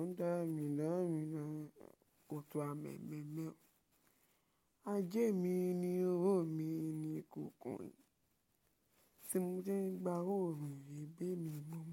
Ọ̀dàmídàmínà kòtò àmẹ̀mẹ̀mẹ̀. Ajé mi ni owó mi ni kòkò. Tí mo ti ń gba owó mi, èébì mi mọ̀